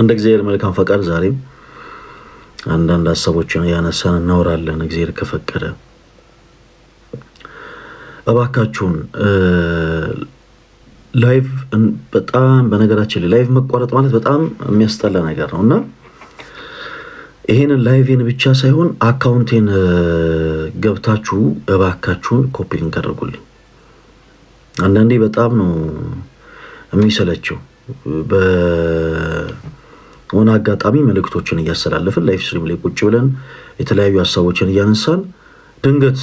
እንደ እግዚአብሔር መልካም ፈቃድ ዛሬም አንዳንድ ሀሳቦችን ያነሳን እናወራለን፣ እግዚአብሔር ከፈቀደ። እባካችሁን ላይቭ በጣም በነገራችን ላይ ላይቭ መቋረጥ ማለት በጣም የሚያስጠላ ነገር ነው እና ይሄንን ላይቭን ብቻ ሳይሆን አካውንቴን ገብታችሁ እባካችሁን ኮፒ ሊንክ አድርጉልኝ። አንዳንዴ በጣም ነው የሚሰለችው። በሆነ አጋጣሚ መልእክቶችን እያስተላለፍን ላይፍ ስትሪም ላይ ቁጭ ብለን የተለያዩ ሀሳቦችን እያነሳን ድንገት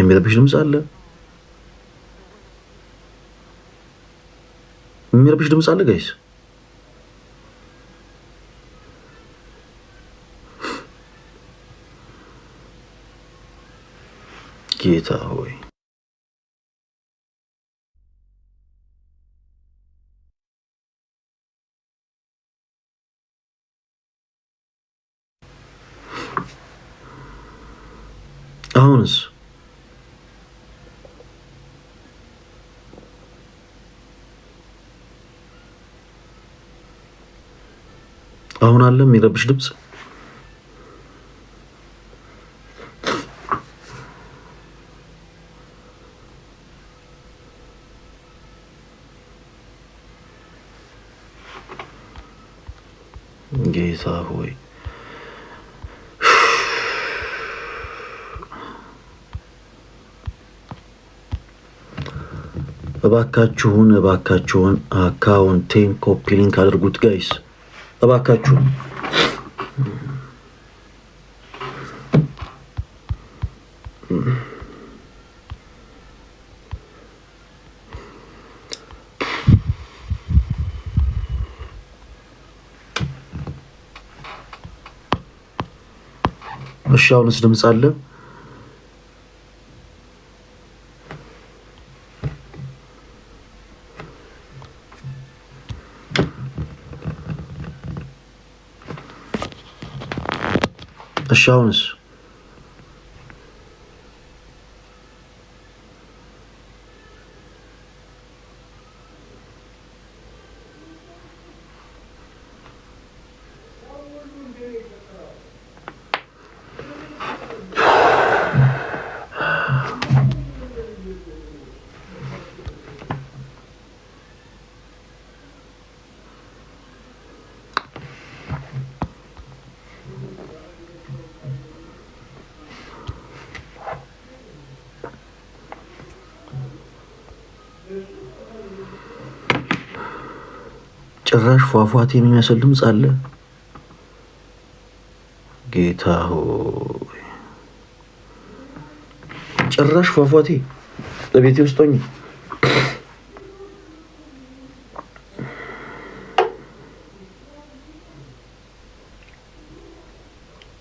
የሚረብሽ ድምፅ አለ የሚረብሽ ድምፅ አለ ጋይስ ጌታ ሆይ ምናምን አለ የሚረብሽ ድምፅ ጌታ ሆይ እባካችሁን እባካችሁን አካውንቴን ኮፒ ሊንክ አድርጉት ጋይስ። Labakacu. እሺ አሁን ስለምጻለ Christians ጭራሽ ፏፏቴ የሚመስል ድምፅ አለ። ጌታ ሆይ ጭራሽ ፏፏቴ በቤቴ ውስጥ ሆኜ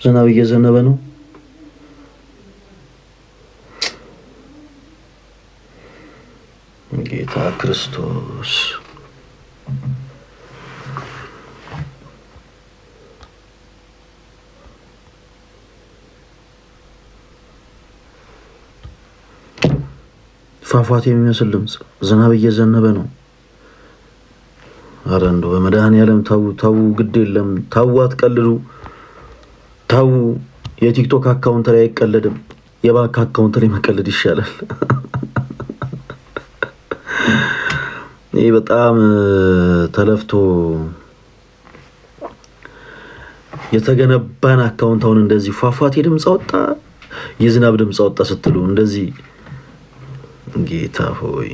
ዝናብ እየዘነበ ነው። ጌታ ክርስቶስ ፏፏቴ የሚመስል ድምፅ። ዝናብ እየዘነበ ነው። አረ እንደው በመድኃኒዓለም ተው ተው፣ ግድ የለም ተው፣ አትቀልዱ ተው። የቲክቶክ አካውንት ላይ አይቀለድም። የባንክ አካውንት ላይ መቀለድ ይሻላል። ይህ በጣም ተለፍቶ የተገነባን አካውንት አሁን እንደዚህ ፏፏቴ ድምፅ አወጣ፣ የዝናብ ድምፅ አወጣ ስትሉ እንደዚህ ጌታ ሆይ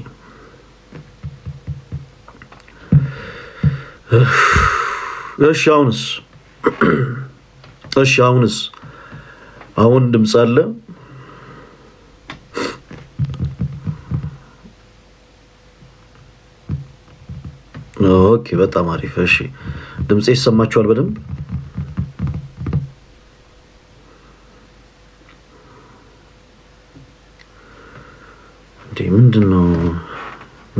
እሺ አሁንስ እሺ አሁንስ አሁን ድምፅ አለ ኦኬ በጣም አሪፍ እሺ ድምፅ ይሰማችኋል በደንብ ምንድን ነው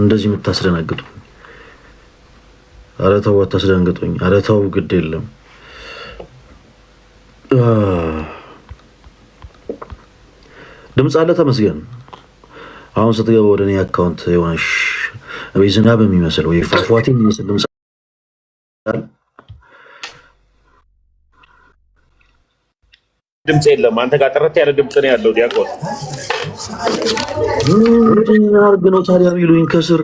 እንደዚህ የምታስደነግጡ? ኧረ ተው አታስደንግጡኝ። ኧረ ግድ የለም ድምፅ አለ ተመስገን። አሁን ስትገባ ወደ እኔ አካውንት የሆነሽ ወይ ዝናብ የሚመስል ወይ ፏፏቴ የሚመስል ድምፅ ድምፅ የለም። አንተ ጋር ጥርት ያለ ድምፅ ነው ያለው ዲያቆን ምንድን ነው ታዲያ የሚሉኝ ከስር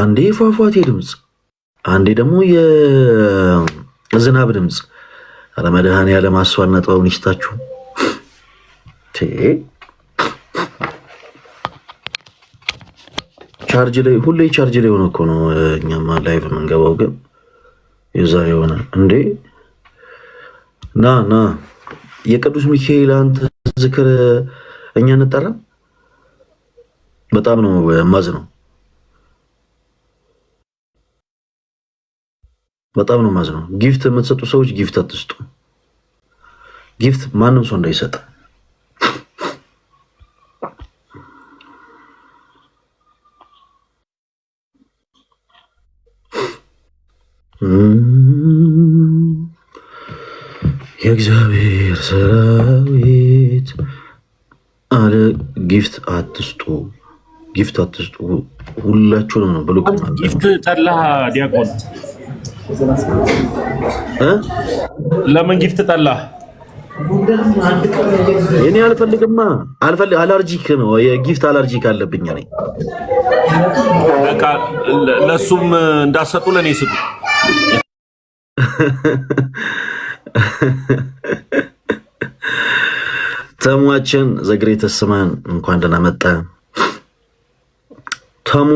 አንዴ ፏፏቴ ድምፅ፣ አንዴ ደግሞ የዝናብ ድምፅ። አለመድሃን መድኃኔዓለም አስዋና ጥበቡን ይስጣችሁ። ቻርጅ ላይ ሁሌ ቻርጅ ላይ ሆነ እኮ ነው እኛማ ላይቭ የምንገባው። ግን የዛ የሆነ እንዴ ና ና የቅዱስ ሚካኤል አንተ ዝክር እኛ እንጠራ በጣም ነው ማዝ ነው በጣም ነው ማዝ ነው። ጊፍት የምትሰጡ ሰዎች ጊፍት አትስጡ። ጊፍት ማንም ሰው እንዳይሰጥ የእግዚአብሔር ሰራዊት አለ። ጊፍት አትስጡ። ጊፍት አትስጡ፣ ሁላችሁንም ነው ብሎ ጊፍት ጠላ ዲያቆን ለምን ጊፍት ጠላ? እኔ አልፈልግማ፣ አልፈልግ አለርጂክ ነው የጊፍት አለርጂክ አለብኝ ነኝ። ለእሱም እንዳሰጡ ለእኔ ስጡ። ተሟችን ዘግሬ ተስማን እንኳን ደህና መጣ። ፈሙ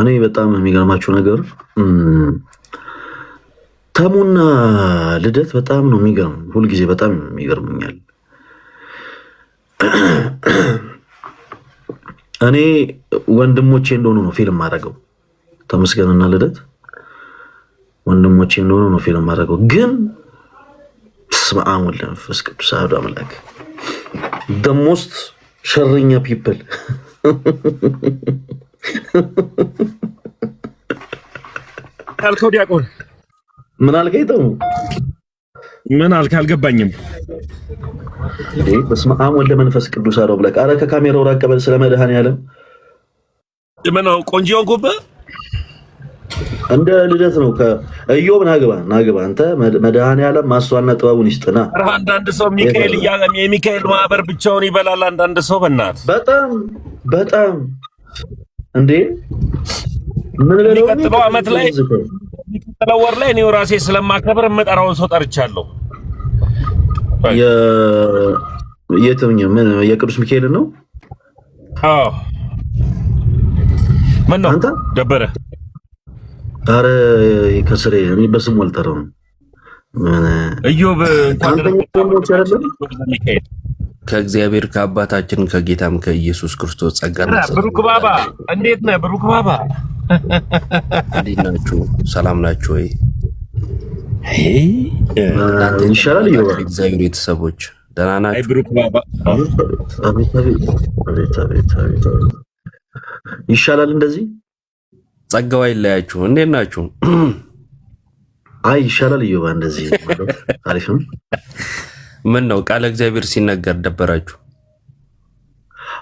እኔ በጣም የሚገርማችሁ ነገር ተሙና ልደት በጣም ነው የሚገርም። ሁልጊዜ በጣም የሚገርሙኛል። እኔ ወንድሞቼ እንደሆኑ ነው ፊልም ማድረገው። ተመስገንና ልደት ወንድሞቼ እንደሆኑ ነው ፊልም ማድረገው። ግን ስመ አብ ወልድ መንፈስ ቅዱስ አሐዱ አምላክ ደሞስት ሸረኛ ፒፕል ያልከው ዲያቆን ምን አልከኝ? ተው ምን አልከ? አልገባኝም። በስመ አብ ወልደ መንፈስ ቅዱስ አለው ብለህ ኧረ ከካሜራው ራቅ በል። ስለ መድኃኔዓለም ምን ነው ቆንጆ ሆንኩብህ? እንደ ልደት ነው። ከእዮብ ናግባ ናግባ አንተ መድኃኔዓለም ማስዋና ጥበቡን ይስጥና። አንዳንድ ሰው ሚካኤል እያለም የሚካኤል ማህበር ብቻውን ይበላል። አንዳንድ ሰው በናት በጣም በጣም እንዴ ምን በለው የሚቀጥለው ዓመት ላይ የሚቀጥለው ወር ላይ እኔው ራሴ ስለማከብር የምጠራውን ሰው ጠርቻለሁ። የትኛ ምን የቅዱስ ሚካኤልን ነው? ምን ነው ደበረ አረ ከስሬ እኔ በስም አልጠራውም። ከእግዚአብሔር ከአባታችን ከጌታም ከኢየሱስ ክርስቶስ ጸጋ ብሩክ ባባ እንዴት ነህ? ብሩክ ባባ እንዴት ናችሁ? ሰላም ናችሁ ወይ? ይሻላል። እግዚአብሔር ቤተሰቦች ደህና ናችሁ? ይሻላል እንደዚህ ጸጋው አይለያችሁ። እንዴት ናችሁ? አይ ይሻላል። እዮባ፣ እንደዚህ አሪፍ ነው። ምን ነው ቃለ እግዚአብሔር ሲነገር ደበራችሁ?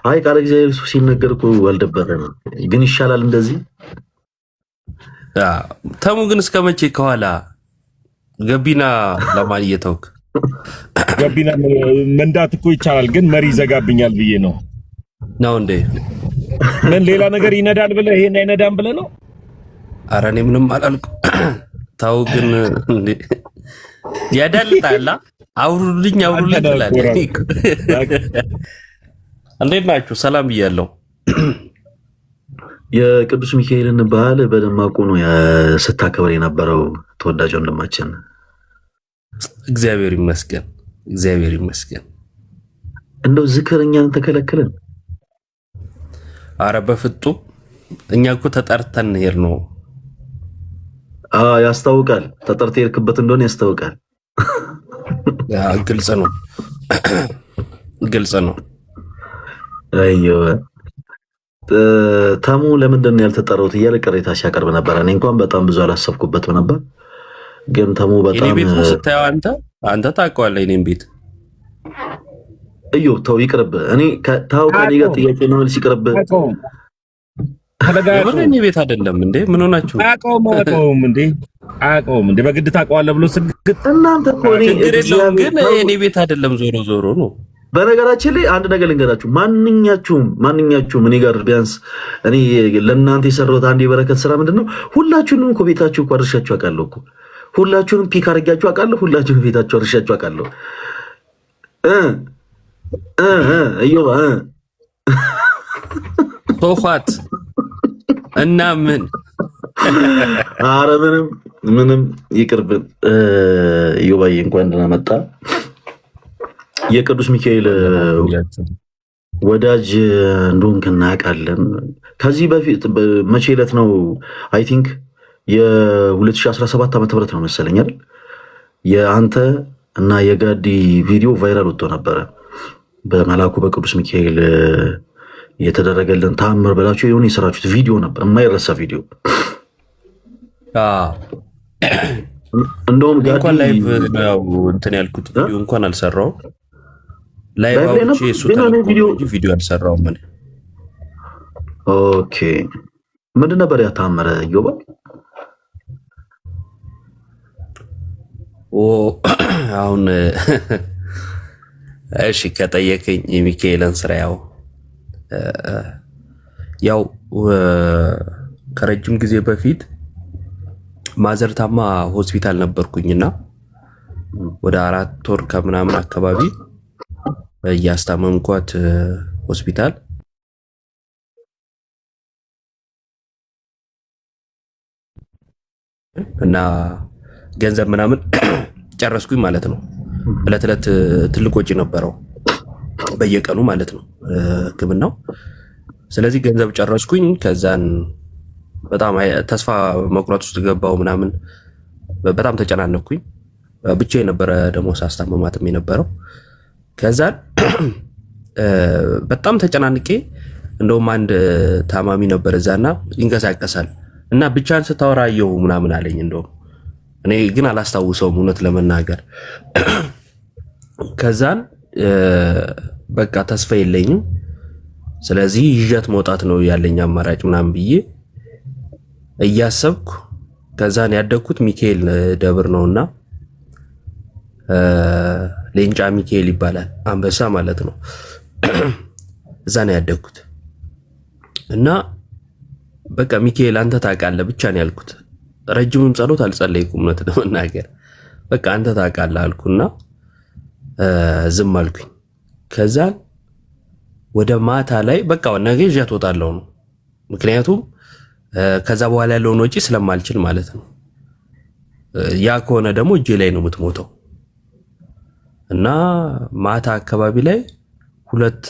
አይ ቃለ እግዚአብሔር ሲነገር እኮ አልደበረንም፣ ግን ይሻላል እንደዚህ። ተሙ ግን እስከ መቼ ከኋላ ገቢና ለማን እየተውክ ገቢና መንዳት እኮ ይቻላል፣ ግን መሪ ይዘጋብኛል ብዬ ነው ነው እንዴ? ምን ሌላ ነገር ይነዳል ብለህ ይሄን አይነዳም ብለህ ነው ኧረ እኔ ምንም አላልኩም። ተው ግን ያዳልጣላ። አውሩልኝ አውሩልኝ ትላለህ። እንዴት ናችሁ? ሰላም ብያለሁ። የቅዱስ ሚካኤልን በዓል በደማቁ ነው ስታከብር የነበረው ተወዳጅ ወንድማችን። እግዚአብሔር ይመስገን፣ እግዚአብሔር ይመስገን። እንደው ዝክር እኛን ተከለከለን? አረ በፍጡም እኛ እኮ ተጠርተን እንሄድ ነው ያስታውቃል። ተጠርቴ የሄድክበት እንደሆነ ያስታውቃል። ግልጽ ነው፣ ግልጽ ነው። ተሙ ለምንድን ነው ያልተጠራሁት እያለ ቅሬታ ሲያቀርብ ነበረ። እኔ እንኳን በጣም ብዙ አላሰብኩበትም ነበር፣ ግን ተሙ በጣም ስታየው አንተ አንተ ታውቀዋለህ እኔም ቤት እዩ ተው ይቅርብ። እኔ ታውቀ እኔ ጋር ጥያቄ ነው መልስ ቤት አይደለም እንዴ? ምን ሆናችሁ? አያውቀውም እንዴ? አያውቀውም እንዴ? በግድ ታውቀዋለህ ብሎ ስግጥ። እናንተ እኮ ግን እኔ ቤት አይደለም ዞሮ ዞሮ ነው። በነገራችን ላይ አንድ ነገር ልንገራችሁ። ማንኛችሁም ማንኛችሁም እኔ ጋር ቢያንስ እኔ ለእናንተ የሰራሁት አንድ የበረከት ስራ ምንድን ነው? ሁላችሁንም እኮ ቤታችሁ እኮ አድርሻችሁ አውቃለሁ እኮ ሁላችሁንም ፒክ አድርጊያችሁ አውቃለሁ። ሁላችሁንም ቤታችሁ አድርሻችሁ አውቃለሁ። እ እ እ እ ሶፋት እና ምን አረ ምንም ምንም ይቅርብን። ዮባዬ እንኳን ደህና መጣ። የቅዱስ ሚካኤል ወዳጅ እንደሆንክ እናውቃለን። ከዚህ በፊት መቼ ዕለት ነው? አይ ቲንክ የ2017 ዓመተ ምህረት ነው መሰለኝ አይደል? የአንተ እና የጋዲ ቪዲዮ ቫይራል ወጥቶ ነበረ በመላኩ በቅዱስ ሚካኤል የተደረገልን ተአምር ብላችሁ የሆነ የሰራችሁት ቪዲዮ ነበር፣ የማይረሳ ቪዲዮ። እንደውም እንትን ያልኩት ቪዲዮ እንኳን ቪዲዮ አልሰራውም። ምን ኦኬ፣ ምንድን ነበር ያታመረ ዮባ አሁን እሺ፣ ከጠየቀኝ የሚካኤልን ስራ ያው ያው ከረጅም ጊዜ በፊት ማዘርታማ ሆስፒታል ነበርኩኝና ወደ አራት ወር ከምናምን አካባቢ እያስታመምኳት ሆስፒታል እና ገንዘብ ምናምን ጨረስኩኝ ማለት ነው። እለት እለት ትልቅ ወጪ ነበረው። በየቀኑ ማለት ነው ህክምናው ስለዚህ ገንዘብ ጨረስኩኝ። ከዛን በጣም ተስፋ መቁረጥ ውስጥ ገባው ምናምን በጣም ተጨናነኩኝ። ብቻ የነበረ ደግሞ ሳስታመማትም የነበረው ከዛን በጣም ተጨናንቄ እንደውም አንድ ታማሚ ነበር እዛና ይንቀሳቀሳል እና ብቻን ስታወራ አየሁ ምናምን አለኝ። እንደውም እኔ ግን አላስታውሰውም እውነት ለመናገር ከዛን በቃ ተስፋ የለኝም፣ ስለዚህ ይዣት መውጣት ነው ያለኝ አማራጭ ምናምን ብዬ እያሰብኩ ከዛን ያደግኩት ሚካኤል ደብር ነውና ሌንጫ ሚካኤል ይባላል። አንበሳ ማለት ነው። እዛ ነው ያደግኩት እና በቃ ሚካኤል አንተ ታውቃለህ ብቻ ነው ያልኩት። ረጅምም ጸሎት አልጸለይኩም እውነት ለመናገር በቃ አንተ ታውቃለህ አልኩና ዝም አልኩኝ። ከዛን ወደ ማታ ላይ በቃ ነገ ይዣት እወጣለሁ ነው። ምክንያቱም ከዛ በኋላ ያለውን ወጪ ስለማልችል ማለት ነው። ያ ከሆነ ደግሞ እጄ ላይ ነው የምትሞተው። እና ማታ አካባቢ ላይ ሁለት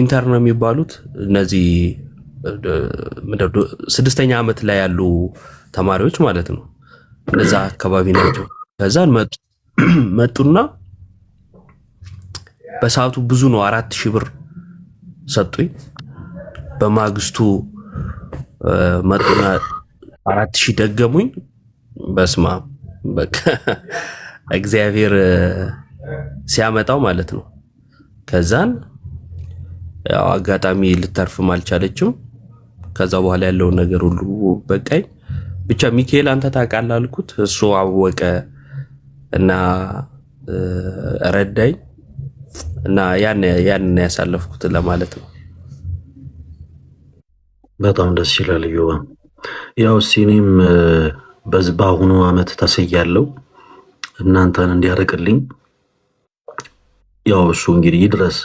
ኢንተር ነው የሚባሉት እነዚህ ስድስተኛ ዓመት ላይ ያሉ ተማሪዎች ማለት ነው። እነዛ አካባቢ ናቸው። ከዛን መጡ መጡና በሰዓቱ ብዙ ነው፣ አራት ሺህ ብር ሰጡኝ። በማግስቱ መጡና አራት ሺህ ደገሙኝ። በስማ በቃ እግዚአብሔር ሲያመጣው ማለት ነው። ከዛን ያው አጋጣሚ ልተርፍም አልቻለችም። ከዛ በኋላ ያለውን ነገር ሁሉ በቃኝ። ብቻ ሚካኤል አንተ ታውቃለህ አልኩት። እሱ አወቀ እና ረዳኝ እና ያንን ያሳለፍኩት ለማለት ነው። በጣም ደስ ይላል። ዮባ ያው በዚህ በአሁኑ አመት ተስያለው እናንተን እንዲያርቅልኝ ያው እሱ እንግዲህ ይድረስ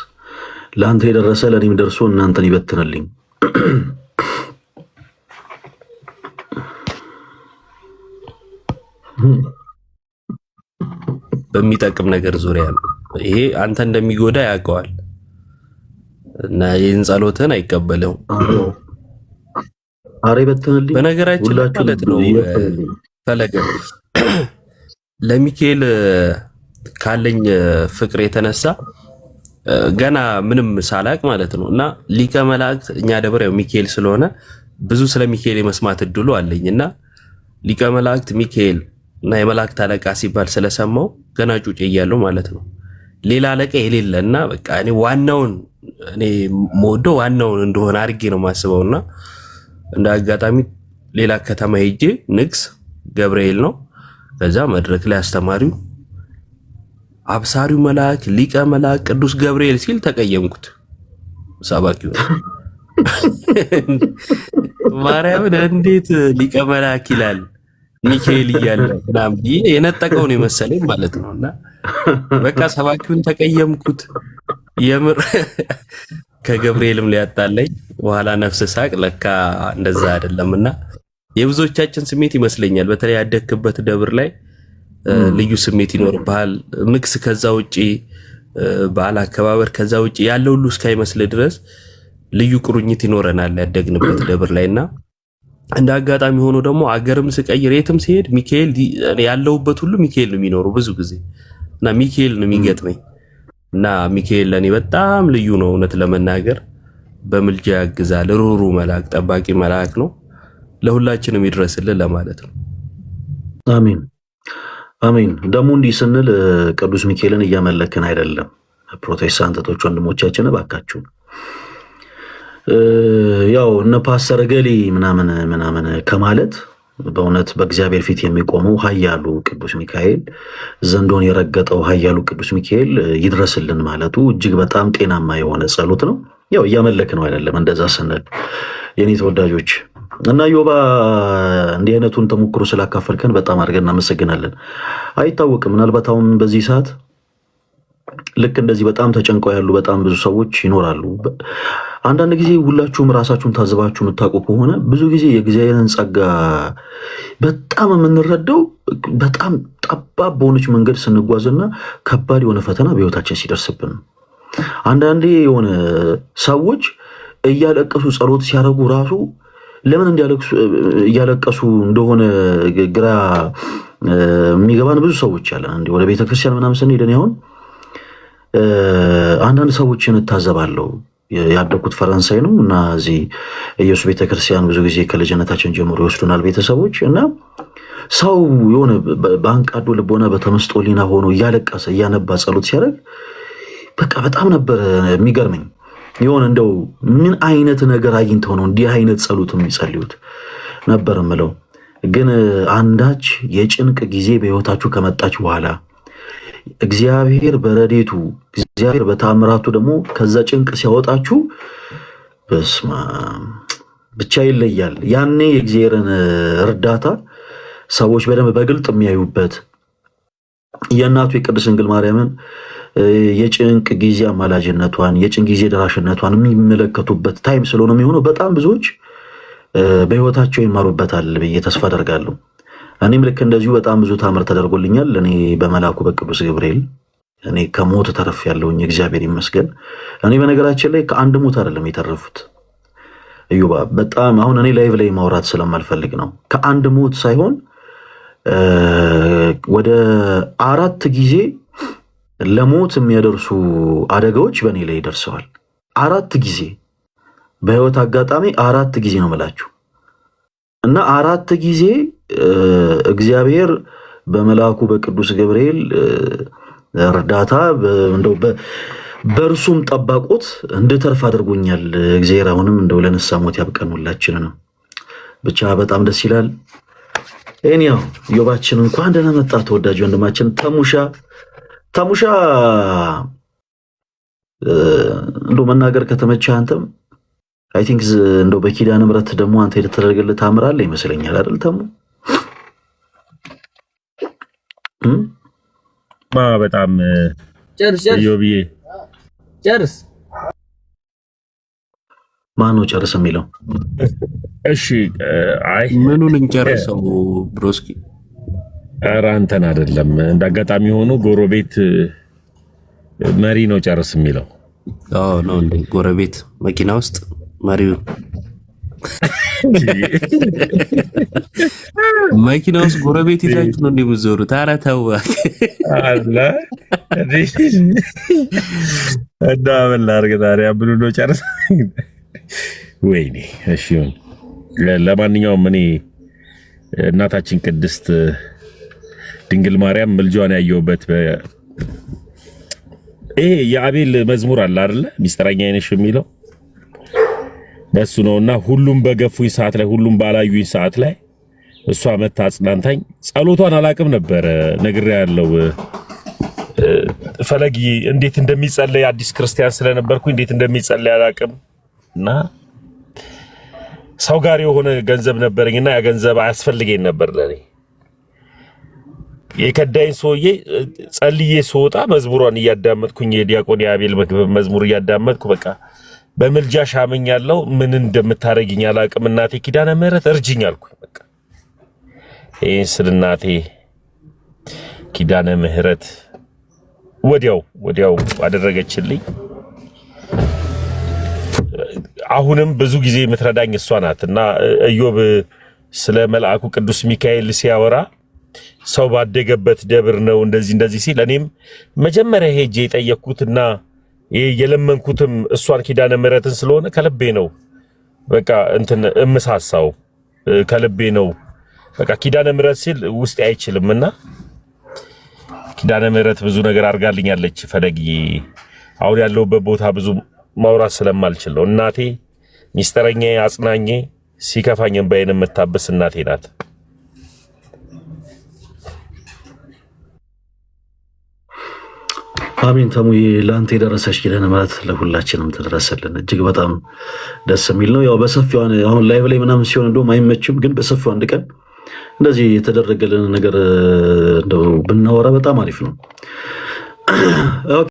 ለአንተ የደረሰ ለእኔም ደርሶ እናንተን ይበትንልኝ። በሚጠቅም ነገር ዙሪያ ነው። ይሄ አንተ እንደሚጎዳ ያውቀዋል እና ይህን ጸሎትን አይቀበለውም። በነገራችን ማለት ነው ፈለገ ለሚካኤል ካለኝ ፍቅር የተነሳ ገና ምንም ሳላቅ ማለት ነው እና ሊቀ መላእክት እኛ ደብር ያው ሚካኤል ስለሆነ ብዙ ስለ ሚካኤል የመስማት እድሉ አለኝ እና ሊቀ መላእክት ሚካኤል እና የመላእክት አለቃ ሲባል ስለሰማው ገና ጩጭ እያሉ ማለት ነው ሌላ አለቃ የሌለ እና በቃ እኔ ዋናውን እኔ መወደው ዋናውን እንደሆነ አድርጌ ነው የማስበው። እና እንደ አጋጣሚ ሌላ ከተማ ሄጄ ንግስ ገብርኤል ነው። ከዛ መድረክ ላይ አስተማሪው አብሳሪው መልአክ ሊቀ መልአክ ቅዱስ ገብርኤል ሲል ተቀየምኩት። ሰባኪው ማርያምን እንዴት ሊቀ መልአክ ይላል? ሚካኤል እያለ ምናምን ብዬ የነጠቀውን የመሰለኝ ማለት ነው። እና በቃ ሰባኪውን ተቀየምኩት የምር ከገብርኤልም ሊያጣለኝ በኋላ ነፍስ ሳቅ ለካ እንደዛ አይደለም። እና የብዙዎቻችን ስሜት ይመስለኛል። በተለይ ያደግክበት ደብር ላይ ልዩ ስሜት ይኖርብሃል። ንግስ ከዛ ውጭ በዓል አከባበር ከዛ ውጭ ያለው ሁሉ እስካይመስል ድረስ ልዩ ቁርኝት ይኖረናል ያደግንበት ደብር ላይ እና እንደ አጋጣሚ ሆኖ ደግሞ አገርም ስቀይር የትም ሲሄድ ሚካኤል ያለውበት ሁሉ ሚካኤል ነው የሚኖሩ ብዙ ጊዜ እና ሚካኤል ነው የሚገጥመኝ እና ሚካኤል ለእኔ በጣም ልዩ ነው። እውነት ለመናገር በምልጃ ያግዛል። ሩሩ መልአክ፣ ጠባቂ መልአክ ነው። ለሁላችንም ይድረስልን ለማለት ነው። አሜን አሜን። ደግሞ እንዲህ ስንል ቅዱስ ሚካኤልን እያመለክን አይደለም። ፕሮቴስታንቶች ወንድሞቻችን እባካችሁ ያው እነ ፓስተር ገሌ ምናምን ምናምን ከማለት በእውነት በእግዚአብሔር ፊት የሚቆመው ኃያሉ ቅዱስ ሚካኤል ዘንዶን የረገጠው ኃያሉ ቅዱስ ሚካኤል ይድረስልን ማለቱ እጅግ በጣም ጤናማ የሆነ ጸሎት ነው። ያው እያመለክ ነው አይደለም። እንደዛ ስንል የኔ ተወዳጆች እና ዮባ እንዲህ አይነቱን ተሞክሮ ስላካፈልከን በጣም አድርገን እናመሰግናለን። አይታወቅም ምናልባት አሁን በዚህ ሰዓት ልክ እንደዚህ በጣም ተጨንቀው ያሉ በጣም ብዙ ሰዎች ይኖራሉ። አንዳንድ ጊዜ ሁላችሁም ራሳችሁን ታዝባችሁ የምታውቁ ከሆነ ብዙ ጊዜ የእግዚአብሔርን ጸጋ በጣም የምንረዳው በጣም ጠባብ በሆነች መንገድ ስንጓዝና ከባድ የሆነ ፈተና በህይወታችን ሲደርስብን አንዳንዴ የሆነ ሰዎች እያለቀሱ ጸሎት ሲያደርጉ ራሱ ለምን እያለቀሱ እንደሆነ ግራ የሚገባን ብዙ ሰዎች ያለን ወደ ቤተክርስቲያን ምናምን ስንሄድ አሁን አንዳንድ ሰዎችን እታዘባለሁ። ያደኩት ፈረንሳይ ነው እና እዚህ ኢየሱስ ቤተክርስቲያን ብዙ ጊዜ ከልጅነታችን ጀምሮ ይወስዱናል ቤተሰቦች እና ሰው የሆነ በአንቃዶ ልቦና በተመስጦ ሊና ሆኖ እያለቀሰ እያነባ ጸሎት ሲያደርግ በቃ በጣም ነበር የሚገርመኝ። የሆነ እንደው ምን አይነት ነገር አግኝተው ነው እንዲህ አይነት ጸሎት የሚጸልዩት ነበር ምለው። ግን አንዳች የጭንቅ ጊዜ በህይወታችሁ ከመጣች በኋላ እግዚአብሔር በረዴቱ እግዚአብሔር በታምራቱ ደግሞ ከዛ ጭንቅ ሲያወጣችሁ በስማ ብቻ ይለያል። ያኔ የእግዚአብሔርን እርዳታ ሰዎች በደንብ በግልጥ የሚያዩበት የእናቱ የቅድስት ድንግል ማርያምን የጭንቅ ጊዜ አማላጅነቷን የጭንቅ ጊዜ ደራሽነቷን የሚመለከቱበት ታይም ስለሆነ የሚሆነው በጣም ብዙዎች በህይወታቸው ይማሩበታል ብዬ ተስፋ አደርጋለሁ። እኔም ልክ እንደዚሁ በጣም ብዙ ታምር ተደርጎልኛል። እኔ በመላኩ በቅዱስ ገብርኤል እኔ ከሞት ተረፍ ያለውኝ እግዚአብሔር ይመስገን። እኔ በነገራችን ላይ ከአንድ ሞት አይደለም የተረፉት እዩባ። በጣም አሁን እኔ ላይቭ ላይ ማውራት ስለማልፈልግ ነው። ከአንድ ሞት ሳይሆን ወደ አራት ጊዜ ለሞት የሚያደርሱ አደጋዎች በእኔ ላይ ደርሰዋል። አራት ጊዜ በህይወት አጋጣሚ አራት ጊዜ ነው የምላችሁ እና አራት ጊዜ እግዚአብሔር በመልአኩ በቅዱስ ገብርኤል እርዳታ በእርሱም ጠባቆት እንድተርፍ አድርጎኛል። እግዚአብሔር አሁንም እንደው ለነሳ ሞት ያብቃን ነው። ብቻ በጣም ደስ ይላል። ኤኒያው ዮባችን እንኳን ደህና መጣ። ተወዳጅ ወንድማችን ተሙሻ ተሙሻ እንዶ መናገር ከተመቸ አንተም አይ ቲንክ እንደው በኪዳነ ምሕረት ደግሞ አንተ የተደረገልህ ታምራለህ ይመስለኛል አይደል ተሙ ማ በጣም ጨርስ ዮብዬ ጨርስ። ማን ነው ጨርስ የሚለው? እሺ አይ ምኑን እንጨርሰው ብሮስኪ? ኧረ አንተን አይደለም። እንደ አጋጣሚ ሆኖ ጎረቤት መሪ ነው ጨርስ የሚለው። አዎ ነው እንደ ጎረቤት መኪና ውስጥ መሪው መኪና ውስጥ ጎረቤት ይዛችሁ ነው እንደምትዞሩ? ኧረ አለ እና በላ ታዲያ ነው ወይኔ እሺ። ለማንኛውም እኔ እናታችን ቅድስት ድንግል ማርያም ምልጇን ያየውበት ይሄ የአቤል መዝሙር አለ አይደለ? ሚስጥረኛ አይነሽ የሚለው ደሱ ነውና ሁሉም በገፉኝ ሰዓት ላይ ሁሉም ባላዩኝ ሰዓት ላይ እሷ መታ አጽናንታኝ። ጸሎቷን አላቅም ነበር ነግሬ ያለው ፈለጊ እንዴት እንደሚጸለይ አዲስ ክርስቲያን ስለነበርኩ እንዴት እንደሚጸለይ አላቅም እና ሰው ጋር የሆነ ገንዘብ ነበረኝና ያ ገንዘብ አያስፈልገኝ ነበር ለኔ። የከዳይን ሰውዬ ጸልዬ ስወጣ መዝሙሯን እያዳመጥኩኝ የዲያቆን የአቤል መዝሙር እያዳመጥኩ በቃ በምልጃሽ አምኛለሁ። ምን እንደምታረግኝ አላቅም። እናቴ ኪዳነ ምሕረት እርጅኝ አልኩኝ። በቃ ይህን ስል እናቴ ኪዳነ ምሕረት ወዲያው ወዲያው አደረገችልኝ። አሁንም ብዙ ጊዜ የምትረዳኝ እሷ ናት እና እዮብ ስለ መልአኩ ቅዱስ ሚካኤል ሲያወራ ሰው ባደገበት ደብር ነው እንደዚህ እንደዚህ ሲል እኔም መጀመሪያ ሄጄ እና የለመንኩትም እሷን ኪዳነ ምሕረትን ስለሆነ ከልቤ ነው። በቃ እንትን እምሳሳው ከልቤ ነው። በቃ ኪዳነ ምሕረት ሲል ውስጤ አይችልምና ኪዳነ ምሕረት ብዙ ነገር አድርጋልኛለች። ፈለግዬ አሁን ያለሁበት ቦታ ብዙ ማውራት ስለማልችል ነው። እናቴ ሚስጠረኛ አጽናኜ፣ ሲከፋኝ እንባዬን የምታብስ እናቴ ናት። አሜን። ተሙዬ ለአንተ የደረሰች ኪዳነ ምሕረት ለሁላችንም ትደረሰልን። እጅግ በጣም ደስ የሚል ነው። ያው በሰፊው አሁን ላይቭ ላይ ምናምን ሲሆን እንደውም አይመችም፣ ግን በሰፊው አንድ ቀን እንደዚህ የተደረገልን ነገር እንደው ብናወራ በጣም አሪፍ ነው።